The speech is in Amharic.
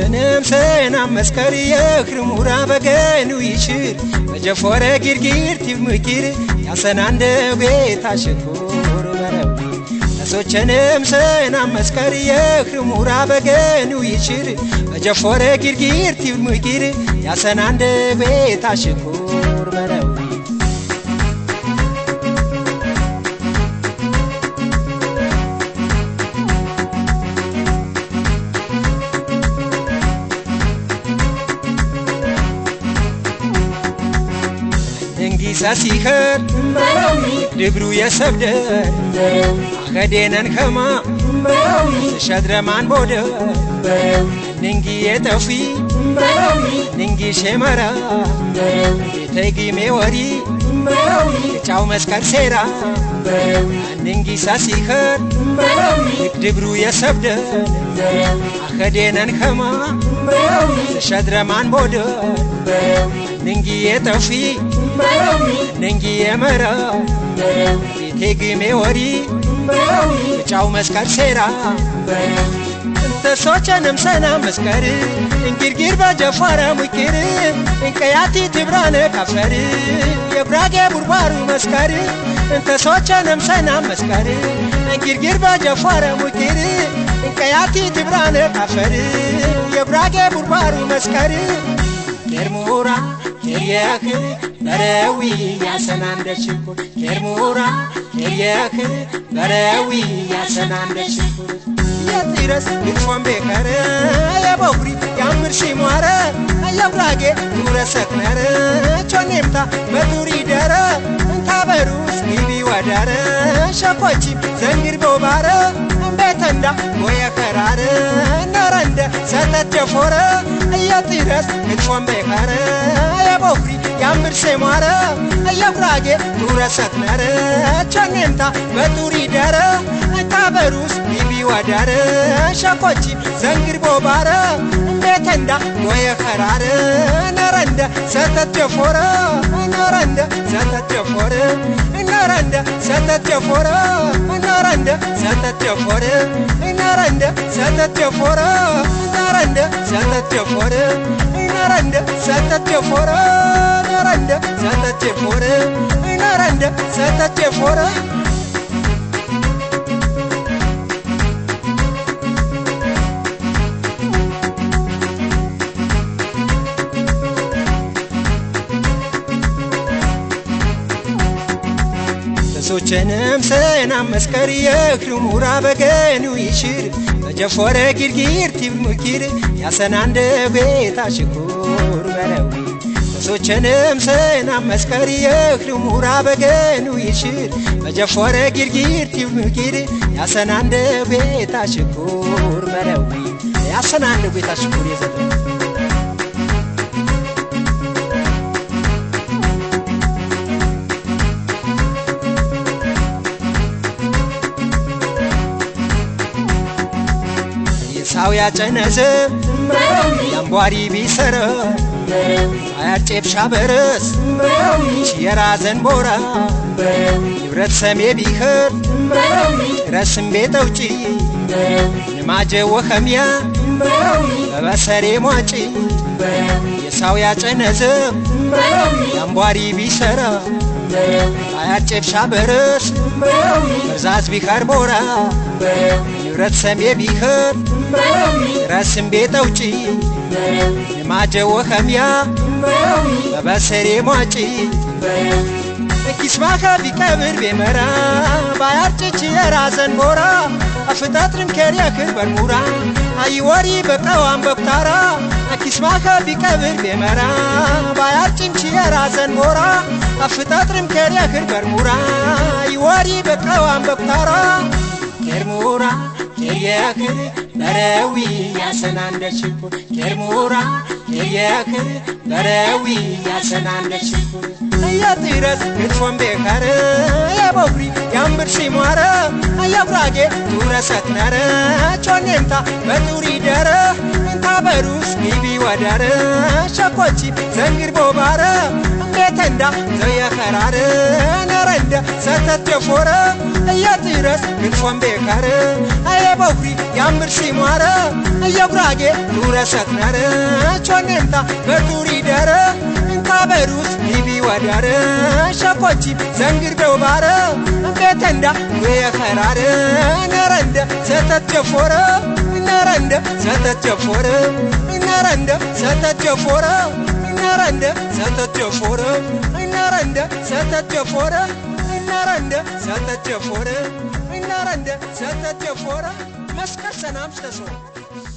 ሸነምሰና መስከሪ የክርሙራ በገኑ ይችል በጀፎረ ጊርጊር ቲብ ምኪር ያሰናንደ ቤታ ሽኩር በረብ ነሶቸንም ሰና መስከሪ የክርሙራ በገኑ ይችር መጀፎረ ጊርጊር ቲብ ያሰናንደ ቤታ ሽኩር በረብ ሰሲኸር ድብሩ የሰብደር አኸዴነን ኸማ ሸድረማን ቦደ ንንጊ የጠፊ ንንጊ ሼመራ ቤተጊሜ ወሪ ጫው መስቀል ሴራ ንንጊ ሰሲኸር ድብሩ የሰብደር አኸዴነን ኸማ ሸድረማን ቦደ ንንጊ የጠፊ ነንጊ የመረው ቴግሜ ወሪ ጫው መስከር ሴራ ተሶቸንም ሰና መስከር እንጊርጊር በጀፋረ ሙኪር እንቀያቲ ትብራነ ካፈር የጉራጌ ቡርባሩ መስከር እንተሶቸንም ሰና መስከር እንጊርጊር በጀፋረ ሙኪር እንቀያቲ ትብራነ ካፈር የጉራጌ ቡርባሩ መስከር ጌርሙራ ኬርያክ በረዊ ያሰና እንደ ሽንኩር ኬርሙራ ኬርያክ በረዊ ያሰና እንደ ሽንኩር የትረስ ይሾም ቤከረ የበኩሪ ያምር ሺሟረ የጉራጌ ኑረሰክነረ ቾኔምታ መቱሪ ደረ እንታበሩስ ኒቢ ወዳረ ሸኮቺ ዘንድር ቦባረ እምቤተንዳ ወየከራረ ነረንደ ሰተት ደፎረ ይድረስ ምንጮም በኸረ የቦፍሪ ያምር ሴሟረ የጉራጌ ዱረሰት ነረ ቸኔምታ በቱሪ ደረ ታበሩስ ቢቢ ሸኮቺ ዘንግር ቦባረ እንዴተንዳ ሞየ ከራረ ነረንደ ሰተት ጀፎረ ነረንደ ሰተት ጀፎረ ነረንደ ሰተት ጀፎረ Naranda, Santa Teofore, Naranda, Santa Teofore, Naranda, Santa Teofore, Naranda, Santa Teofore, Naranda, Santa Teofore, Naranda, Santa Teofore, Naranda, Santa Teofore, ቸንም ሰና መስቀር የክሩ ሙራ በገኑ ይሽር በጀፎረ ጊርጊር ቲብ ሙኪር ያሰና እንደ ቤታ ሽኩር በለዊ ሶቸንም ሰና መስቀር የክሪ ሙራ በገኑ ይሽር በጀፎረ ጊርጊር ቲብ ሙኪር ያሰና እንደ ቤታ ሽኩር በለዊ ያሰና እንደ ቤታ ሽኩር የዘለ ሳው ያጨነሰ ያምቧሪ ቢሰረ አያጨብሻ በረስ የራዘን ቦራ ይብረት ሰሜ ቢኸር ረስም ቤተውጪ ንማጀ ወኸምያ በበሰሬ ሟጪ የሳው ያጨነዘ ያምቧሪ ቢሰረ አያጨብሻ በረስ መርዛዝ ቢኸር ቦራ ይብረት ሰሜ ቢኸር ረስም ቤት አውጪ የማጀወ ኸሚያ በበሰሬ ሟጪ ኪስባኸ ቢቀብር ቤመራ ባያርጭች የራዘን ሞራ አፍጣጥርን ከሪያ ክርበን ሙራ አይወሪ በቀዋን በኩታራ ኪስባኸ ቢቀብር ቤመራ ባያርጭምች የራዘን ሞራ አፍጣጥርም ከሪያ ክርበን አይወሪ በቀዋን በኩታራ ኬርሙራ ኬርያክር በረዊ ያሰናንደችኩ ኬርሙራ ኬርያክር በረዊ ያሰናንደችኩ እያጢረስ እሾምቤ ከረ የበኩሪ ያምብርሺ ሟረ አያጉራጌ ቱረሰት ቾኔምታ በቱሪ ደረ እንታ በሩሽ ቢቢ ወደረ ሸኮቺ ዘንግር ቦባረ እንዴተንዳ ዘየከራረ ወደ ሰተት የፎረ እየጢረስ ምንጮም ቤካር አየበኩሪ ያምር ሲሟረ እየጉራጌ ኑረሰት ነረ ቾኔምታ በቱሪ ደረ እንካ በሩስ ወዳረ ሸኮቺ ዘንግር ደውባረ ቤተንዳ ወየኸራረ ነረንደ ሰተት የፎረ ነረንደ ሰተት የፎረ ነረንደ ሰተት የፎረ ignorante, se te te fuera, ignorante, Inarande, Santa Chefora, Inarande, Santa Chefora, Maskar Sanam Station.